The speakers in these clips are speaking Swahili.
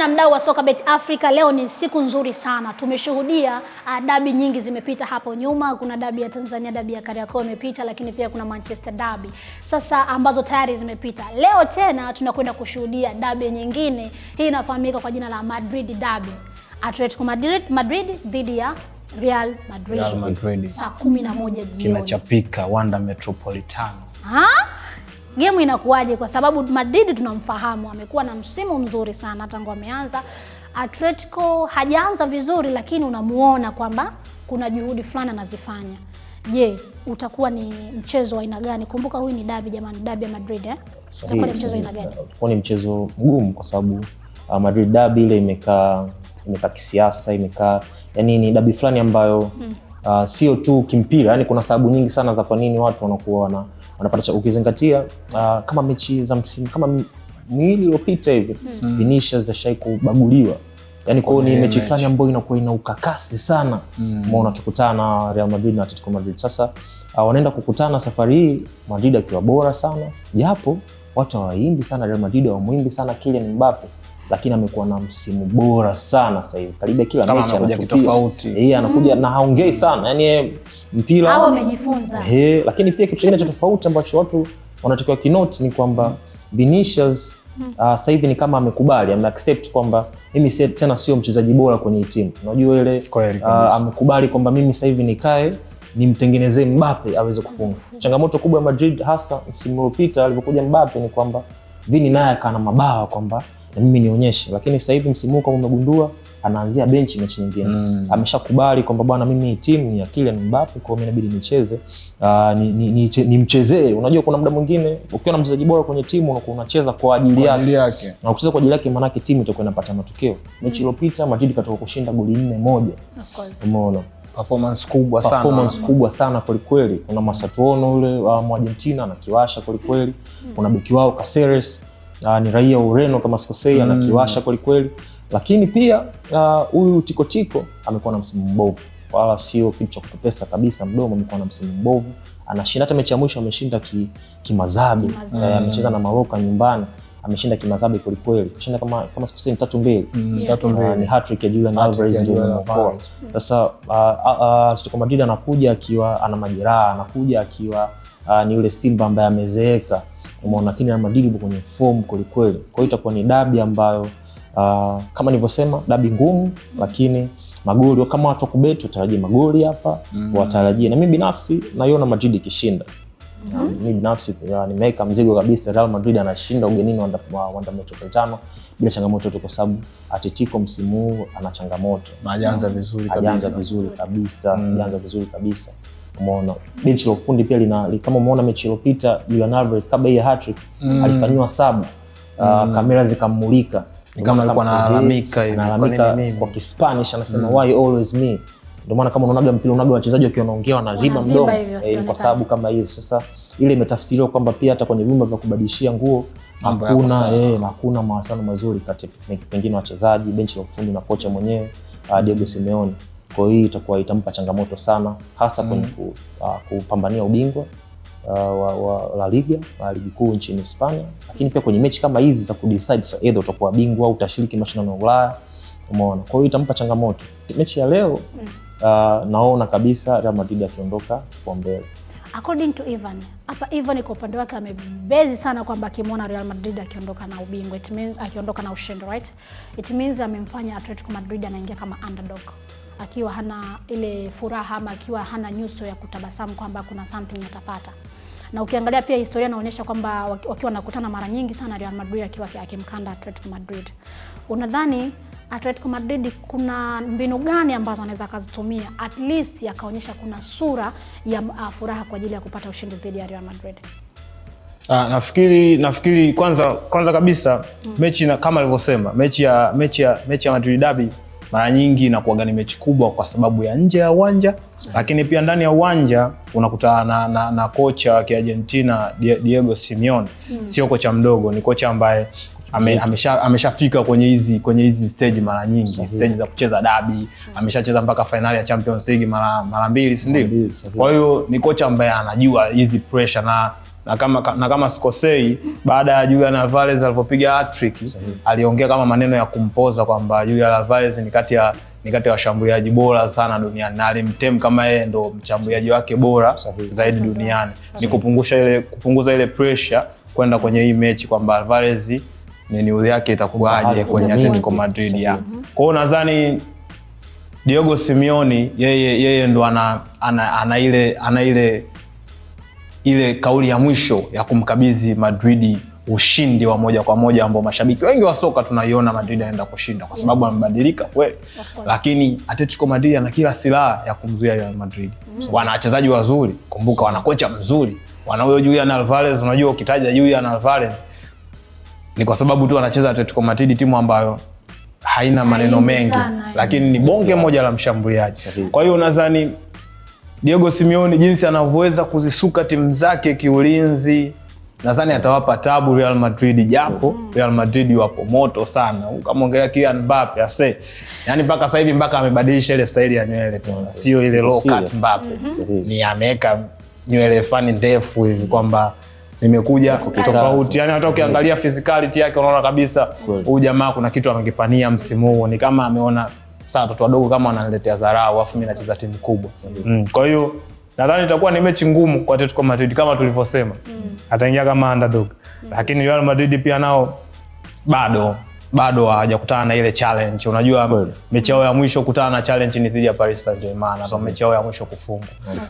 na mdau wa Soka Bet Africa, leo ni siku nzuri sana. Tumeshuhudia uh, dabi nyingi zimepita hapo nyuma. Kuna dabi ya Tanzania, dabi ya Kariakoo imepita, lakini pia kuna Manchester dabi sasa ambazo tayari zimepita. Leo tena tunakwenda kushuhudia dabi nyingine, hii inafahamika kwa jina la Madrid dabi, Atletico Madrid Madrid dhidi ya Real Madrid, Real Madrid. Saa 11 jioni kinachapika Wanda Metropolitano ha? Ah? gemu inakuwaje? Kwa sababu Madrid tunamfahamu, amekuwa na msimu mzuri sana tangu ameanza. Atletico hajaanza vizuri, lakini unamuona kwamba kuna juhudi fulani anazifanya. Je, utakuwa ni mchezo wa aina gani? Kumbuka huyu ni dabi jamani, dabi ya Madrid eh? Utakuwa ni mchezo wa aina gani? Utakuwa ni mchezo mgumu kwa sababu uh, Madrid dabi ile imekaa imekaa kisiasa, imekaa yani ni dabi fulani ambayo mm. uh, sio tu kimpira, yani kuna sababu nyingi sana za kwa nini watu wanakuwa wana unapata ukizingatia uh, kama mechi za msimu kama miwili iliyopita hivi mm. Vinicius zashai kubaguliwa yani kwao ni mechi fulani ambayo inakuwa ina ukakasi sana hmm. umeona, mm. wakikutana na Real Madrid na Atletico Madrid. Sasa uh, wanaenda kukutana safari hii Madrid akiwa bora sana, japo watu hawaimbi sana Real Madrid, hawamuimbi sana Kylian Mbappe lakini amekuwa na msimu bora sana sasa hivi, karibia kila mechi anakuja tofauti. Eh, anakuja mm-hmm. na haongei sana yani eh, mpira hao amejifunza. Eh, lakini pia kitu kingine cha tofauti ambacho watu wanatakiwa kinote ni kwamba Vinicius Uh, sasa hivi ni kama amekubali ame accept kwamba mimi tena sio mchezaji bora kwenye timu. Unajua ile uh, amekubali kwamba mimi sasa hivi nikae nimtengenezee Mbappe aweze kufunga. Mm-hmm. Changamoto kubwa ya Madrid hasa msimu uliopita alipokuja Mbappe ni kwamba Vini naye akana mabawa kwamba na mimi nionyeshe, lakini sasa hivi msimu huu umegundua anaanzia benchi mechi nyingine mm. Ameshakubali kwamba bwana, mimi timu ni akili na Mbappe, kwa mimi inabidi nicheze nimchezee ah, ni, ni, ni unajua, kuna muda mwingine ukiwa na mchezaji bora kwenye timu unakuwa unacheza kwa ajili yake, na ukicheza kwa ajili yake maana yake timu itakuwa inapata matokeo. Mechi mm. iliyopita Madrid katoka kushinda goli nne moja, umeona performance kubwa sana, performance kubwa sana kweli kweli. Kuna Masatuono yule ah, wa Argentina anakiwasha kweli kweli, mm. kuna beki wao Caceres uh, ni raia wa Ureno kama sikosei, mm. anakiwasha kwelikweli, lakini pia ah, huyu uh, Tikotiko amekuwa na msimu mbovu, wala sio kitu cha kutupesa kabisa. Mdomo amekuwa na msimu mbovu, anashinda hata mechi ya mwisho ameshinda kimazabi ki mm. uh, amecheza na Maroka nyumbani ameshinda kimazabi kwelikweli, ameshinda kama, kama sikusemi tatu mbili mm, ah, ni hatrick ya Julian Alvarez ndio imeokoa sasa. Atletico Madrid anakuja akiwa ana majeraha, anakuja akiwa uh, ni yule Simba ambaye amezeeka umeona Kinda na Madrid kwenye form kwelikweli. Kwa hiyo itakuwa ni dabi ambayo uh, kama nilivyosema dabi ngumu, lakini magoli kama watu wakubeti watarajie magoli hapa mm. watarajie na mimi binafsi naiona Madrid ikishinda. Mm Uh, mimi binafsi ah, nimeweka mzigo kabisa Real Madrid anashinda ugenini Wanda, Metropolitano bila changamoto yote, kwa sababu Atletico msimu huu ana changamoto, ajaanza vizuri kabisa, ajaanza vizuri kabisa, mm. ajaanza vizuri kabisa. Umeona benchi la ufundi pia lina kama umeona mechi iliyopita Julian Alvarez kabla ya hattrick mm. alifanywa sabu uh, mm. kamera zikammulika kama alikuwa analalamika hivi, kwa nini mimi kwa Kispanish anasema mm. why always me. Ndio maana kama unaonaga mpira unaga wachezaji wakiwa wanaongea wanaziba mdomo eh, kwa sababu kama hizo. Sasa ile imetafsiriwa kwamba pia hata kwenye vyumba vya kubadilishia nguo hakuna eh, hakuna mawasiliano mazuri kati pengine wachezaji, benchi la ufundi na kocha mwenyewe ah, Diego Simeone. Kwa hiyo itakuwa itampa changamoto sana hasa kwenye mm. ku, uh, kupambania ubingwa uh, wa, wa La Liga na ligi kuu nchini Hispania, lakini pia kwenye mechi kama hizi za kudecide sasa either utakuwa bingwa au utashiriki mashindano ya Ulaya. Umeona, kwa hiyo itampa changamoto mechi ya leo mm. Uh, naona kabisa Real Madrid akiondoka kwa mbele. According to Ivan, hapa Ivan kwa upande wake amebezi sana kwamba akimwona Real Madrid akiondoka na ubingwa, it means akiondoka na ushindi, right? It means amemfanya Atletico Madrid anaingia kama underdog akiwa hana ile furaha ama akiwa hana nyuso ya kutabasamu kwamba kuna something atapata. Na ukiangalia pia historia inaonyesha kwamba wakiwa wanakutana mara nyingi sana Real Madrid akiwa akimkanda Atletico Madrid. Unadhani Atletico Madrid kuna mbinu gani ambazo anaweza akazitumia at least akaonyesha kuna sura ya uh, furaha kwa ajili ya kupata ushindi dhidi ya Real Madrid? Ah, nafikiri nafikiri kwanza kwanza kabisa mm. mechi na kama alivyosema mechi ya mechi ya mechi ya Madrid Derby mara nyingi inakuwaga ni mechi kubwa kwa sababu ya nje ya uwanja, lakini pia ndani ya uwanja unakutana na, na, na kocha wa Kiargentina Diego Simeone mm. Sio kocha mdogo, ni kocha ambaye ame, amesha, ameshafika kwenye hizi kwenye hizi stage mara nyingi stage za kucheza dabi, hmm. ameshacheza mpaka fainali ya Champions League mara mara mbili, si ndio? Kwa hiyo ni kocha ambaye anajua hizi pressure na na kama, na kama sikosei, baada ya Julian Alvarez alipopiga hattrick aliongea kama maneno ya kumpoza kwamba Julian Alvarez ni kati ya ni kati ya washambuliaji bora sana duniani na alimtem kama yeye ndo mchambuliaji wake bora Sahihi. zaidi duniani Sahihi. ni kupungusha ile, kupunguza ile pressure kwenda kwenye hii mechi kwamba Alvarez ni nini yake itakuwaje kwenye Atletico Madrid ya. Kwa hiyo nadhani Diego Simeone yeye, yeye ndo ana, ana, ana, ana ile, ana ile ile kauli ya mwisho ya kumkabidhi Madrid ushindi wa moja kwa moja ambao mashabiki wengi wa soka tunaiona Madrid anaenda kushinda kwa sababu amebadilika kweli, lakini Atletico Madrid ana kila silaha ya kumzuia Real Madrid. mm -hmm. Wana wachezaji wazuri, kumbuka wana kocha mzuri, wana huyo Julian Alvarez. Unajua, ukitaja Julian Alvarez ni kwa sababu tu anacheza Atletico Madrid, timu ambayo haina maneno mengi, lakini ni bonge moja la mshambuliaji. Kwa hiyo nadhani Diego Simeone jinsi anavyoweza kuzisuka timu zake kiulinzi, nadhani atawapa tabu Real Madrid, japo mm-hmm. Real Madrid wapo moto sana. Ukamwongelea Kylian Mbappe ase, yani mpaka sasa hivi mpaka amebadilisha ile staili ya nywele tena, mm-hmm. sio ile low cut Mbappe, mm-hmm. ni ameweka nywele fani ndefu hivi kwamba nimekuja tofauti. Yani hata ukiangalia physicality yake unaona kabisa huyu jamaa kuna kitu amekipania msimu huu, ni kama ameona sana watoto wadogo kama wananiletea dharau, afu mi nacheza timu kubwa mm. Kwa hiyo nadhani itakuwa ni mechi ngumu kwa Atletico Madrid kama tulivyosema, mm. ataingia kama underdog mm. Lakini Real Madrid pia nao bado bado hawajakutana na ile challenge. Unajua mechi yao ya mwisho kutana na challenge ni dhidi ya Paris Saint-Germain, na mechi yao ya mwisho kufungwa.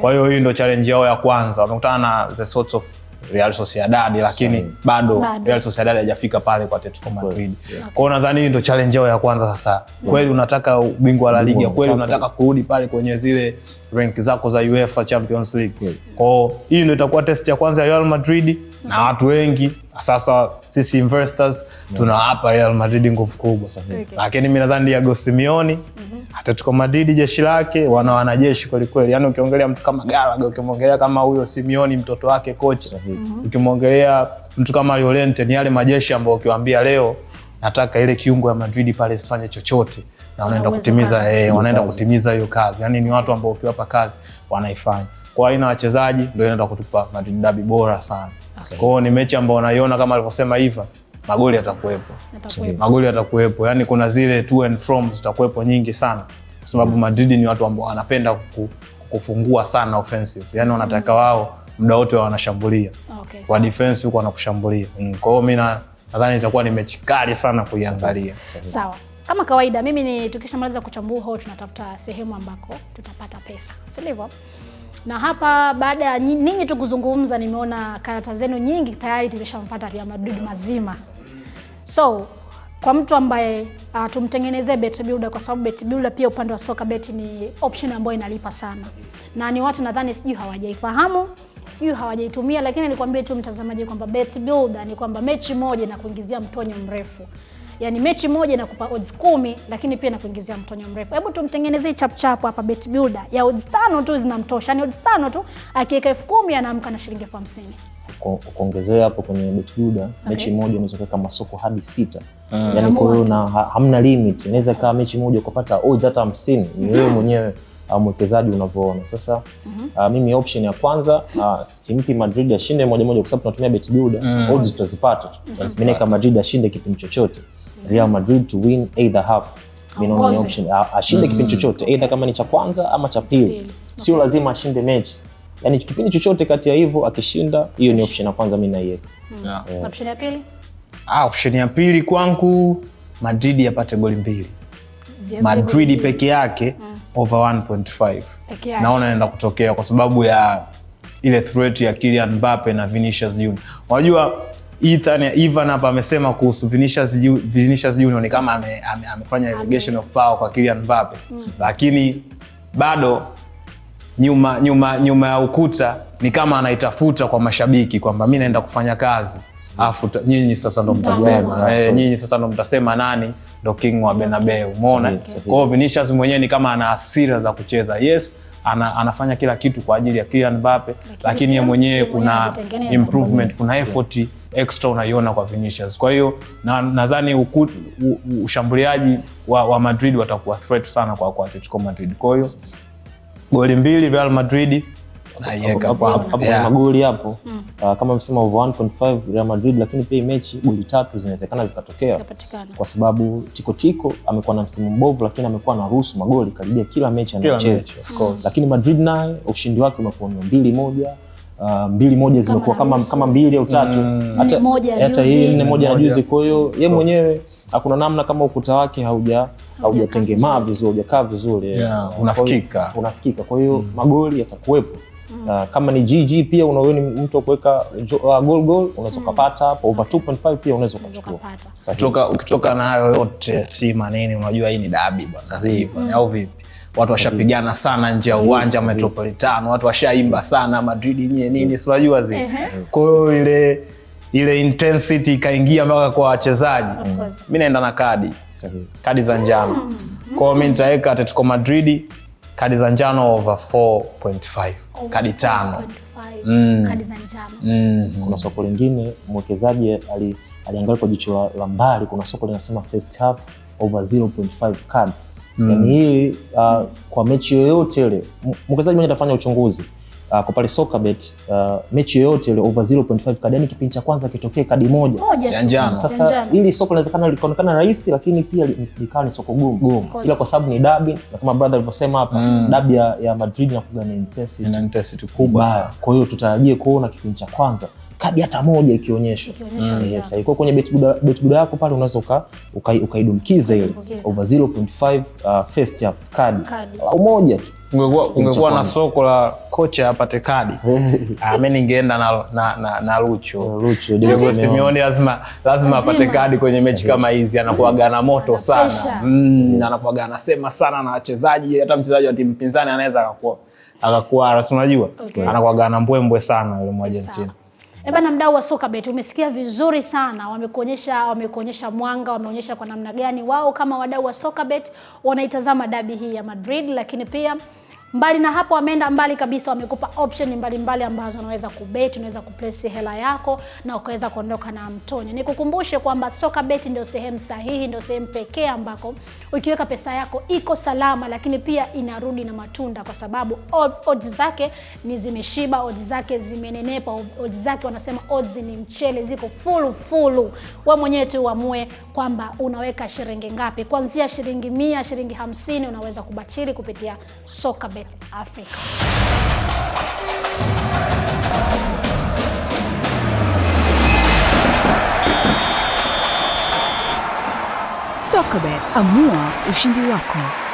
Kwa hiyo hii ndio challenge yao ya kwanza, wamekutana na the sorts of Real Sociedad, lakini mm. bado, bado Real Sociedad haijafika pale kwa Atletico Madrid yeah. Kwao nadhani ndio challenge yao ya kwanza sasa yeah. Kweli unataka ubingwa la liga kweli unataka kurudi pale kwenye zile rank zako za UEFA Champions League yeah. Kwao hii ndio itakuwa test ya kwanza ya Real Madrid na watu wengi sasa sisi investors tuna hapa Real Madrid nguvu kubwa sana, lakini mimi nadhani Diego Simeone mhm. Atletico Madrid jeshi lake wana wanajeshi kweli kweli. Yaani ukiongelea mtu kama Gallagher, ukimwongelea kama huyo Simeone mtoto wake kocha, mhm. ukimwongelea mtu kama Llorente, ni yale majeshi ambayo ukiwaambia leo nataka ile kiungo ya Madrid pale sifanye chochote na wanaenda kutimiza eh, wanaenda kutimiza hiyo kazi. Yaani ni watu ambao ukiwapa kazi wanaifanya kwa aina wachezaji ndio inaenda kutupa Madrid dabi bora sana. Okay. Kwa ni mechi ambayo naiona kama alivyosema Iva, magoli yatakuwepo, magoli yatakuwepo, yaani kuna zile to and from zitakuwepo nyingi sana kwa sababu mm. Madrid ni watu ambao wanapenda kufungua sana offensive, yaani mm. wanataka wao muda wote wanashambulia. Okay, kwa defense huko wanakushambulia. Mm. Kwa hiyo mimi nadhani itakuwa ni mechi kali sana kuiangalia. Sawa. Kama kawaida mimi ni tukishamaliza kuchambua hao tunatafuta sehemu ambako tutapata pesa. Sio hivyo? na hapa baada ya ninyi tu kuzungumza, nimeona karata zenu nyingi tayari tumeshampata Real Madrid mazima. So kwa mtu ambaye uh, tumtengenezee bet builder, kwa sababu bet builder pia upande wa soka bet ni option ambayo inalipa sana, na ni watu nadhani sijui hawajaifahamu sijui hawajaitumia, lakini nilikwambia tu mtazamaji kwamba bet builder ni kwamba mechi moja na kuingizia mtonyo mrefu yani mechi moja inakupa odds kumi, lakini pia inakuingizia mtonyo mrefu. Hebu tumtengenezee chapchap hapa bet builder ya odds tano tu zinamtosha, yani odds tano tu akiweka elfu kumi anaamka na shilingi elfu hamsini kuongezea hapo kwenye bet builder okay. Mechi moja unaweza kuweka masoko hadi sita mm. Yani kwa hiyo na hamna limit, inaweza kaa mechi moja ukapata odds hata hamsini. Ni wewe mm-hmm. mwenyewe ah, mwekezaji unavyoona sasa. mm -hmm. Uh, mimi option ya kwanza uh, simpi Madrid ashinde moja moja, kwa sababu tunatumia bet builder, mm. odds tutazipata tu. Mm-hmm. Mimi naweka Madrid ashinde kipindi chochote Real Madrid to win either half. Ninaona ni option ashinde kipindi mm-hmm. chochote, either kama ni cha kwanza ama cha pili, sio lazima ashinde mechi yani kipindi chochote kati ya hivyo akishinda, hiyo ni option ya kwanza mimi naiweka. Hmm. option ya pili, ah, option ya pili kwangu Madrid yapate goli mbili, Madrid peke yake mm. over 1.5 naona inaenda kutokea kwa sababu ya ile threat ya Kylian Mbappe na Vinicius Junior, unajua Ethan Ivan hapa amesema kuhusu Vinicius Vinicius Junior ni kama ame, ame, amefanya irrigation of power kwa Kylian Mbappe mm. Lakini bado nyuma nyuma nyuma ya ukuta ni kama anaitafuta kwa mashabiki kwamba mi naenda kufanya kazi afu nyinyi sasa ndo mtasema eh, nyinyi sasa ndo mtasema nani ndo king wa Bernabeu. Umeona? Kwa hiyo Vinicius mwenyewe ni kama ana hasira za kucheza. Yes, ana, anafanya kila kitu kwa ajili ya Kylian Mbappe, lakini yeye mwenyewe kuna improvement, kuna effort extra unaiona kwa Vinicius. Kwa hiyo nadhani na ushambuliaji wa, wa Madrid watakuwa threat sana kwa, kwa Atletico Madrid. Kwa hiyo goli mbili Real Madrid hapo kwenye magoli hapo hmm. ah, kama msema over 1.5 Real Madrid, lakini pia mechi goli tatu zinawezekana zikatokea, kwa sababu tikotiko amekuwa na msimu mbovu, lakini amekuwa na ruhusu magoli karibia kila mechi anacheza, hmm. lakini Madrid naye ushindi wake umekuwa ni mbili moja Uh, mbili moja zimekuwa kama, kama, kama mbili au tatu hmm. hata hii nne moja na juzi. Kwa hiyo ye mwenyewe hakuna namna kama ukuta wake hauja haujatengemaa vizuri haujakaa vizuri, unafikika unafikika. Kwa hiyo magoli yatakuwepo mm. Uh, kama ni GG pia unaweni mtu kuweka uh, goal goal unaweza mm. ukapata hapo mm. Over 2.5 pia unaweza ukachukua. Sasa ukitoka na hayo yote si maneno, unajua hii ni dabi bwana, mm. au vipi? Watu washapigana sana nje ya uwanja mm. Metropolitano, watu washaimba sana Madrid nye nini, si unajua zile. Kwa hiyo ile ile intensity ikaingia mpaka kwa wachezaji mm. Mi naenda na kadi kadi za njano, mm. kwa hiyo mi nitaweka Atletico Madrid kadi za njano over 4.5 kadi tano mm. mm-hmm. kuna soko lingine mwekezaji ali, aliangalia kwa jicho la mbali. Kuna soko linasema first half over 0.5 card. Yani hii uh, kwa mechi yoyote ile mwekezaji mwenye atafanya uchunguzi Uh, kwa pale soka bet uh, mechi yoyote ile over 0.5 kadi, yani kipindi cha kwanza kitokee kadi moja ya njano. Sasa ili soko linawezekana likaonekana rahisi, lakini pia likawa ni soko gumu gumu, ila kwa sababu ni dabi na kama brother alivyosema hapa mm. dabi ya, ya Madrid na kuga ni intensity, intensity kubwa Kwa hiyo tutarajie kuona kipindi cha kwanza kadi hata moja ikionyeshwa mm, yes, iko kwenye betguda yako pale, unaweza ukaidumkiza ile over 0.5 uh, first half kadi au moja tu. Ungekuwa na soko la kocha apate kadi ah, mimi ningeenda na, na, na, na Lucho Lucho Diego Simeone lazima lazima apate kadi kwenye mechi kama hizi, anakuaga na moto sana mm, anakuwaga anasema sana na wachezaji, hata mchezaji wa timu pinzani anaweza akakuwa akakuwa, unajua okay, anakuwaga na mbwembwe sana yule Mwargentina. Eh na mdau wa soka bet, umesikia vizuri sana, wamekuonyesha wamekuonyesha mwanga, wameonyesha kwa namna gani wao kama wadau wa soka bet wanaitazama dabi hii ya Madrid, lakini pia Mbali na hapo, wameenda mbali kabisa, wamekupa option mbalimbali mbali ambazo unaweza kubeti, unaweza kuplace hela yako na ukaweza kuondoka na mtoni. Nikukumbushe kwamba soka beti ndio sehemu sahihi, ndio sehemu pekee ambako ukiweka pesa yako iko salama, lakini pia inarudi na matunda, kwa sababu odds zake ni zimeshiba, odds zake zimenenepa, odds zake wanasema odds ni mchele, ziko fulu fulu. Wewe mwenyewe tu uamue kwamba unaweka shilingi ngapi, kuanzia shilingi mia, shilingi hamsini, unaweza kubachili kupitia soka beti. Target Africa. Sokobet, amua ushindi wako.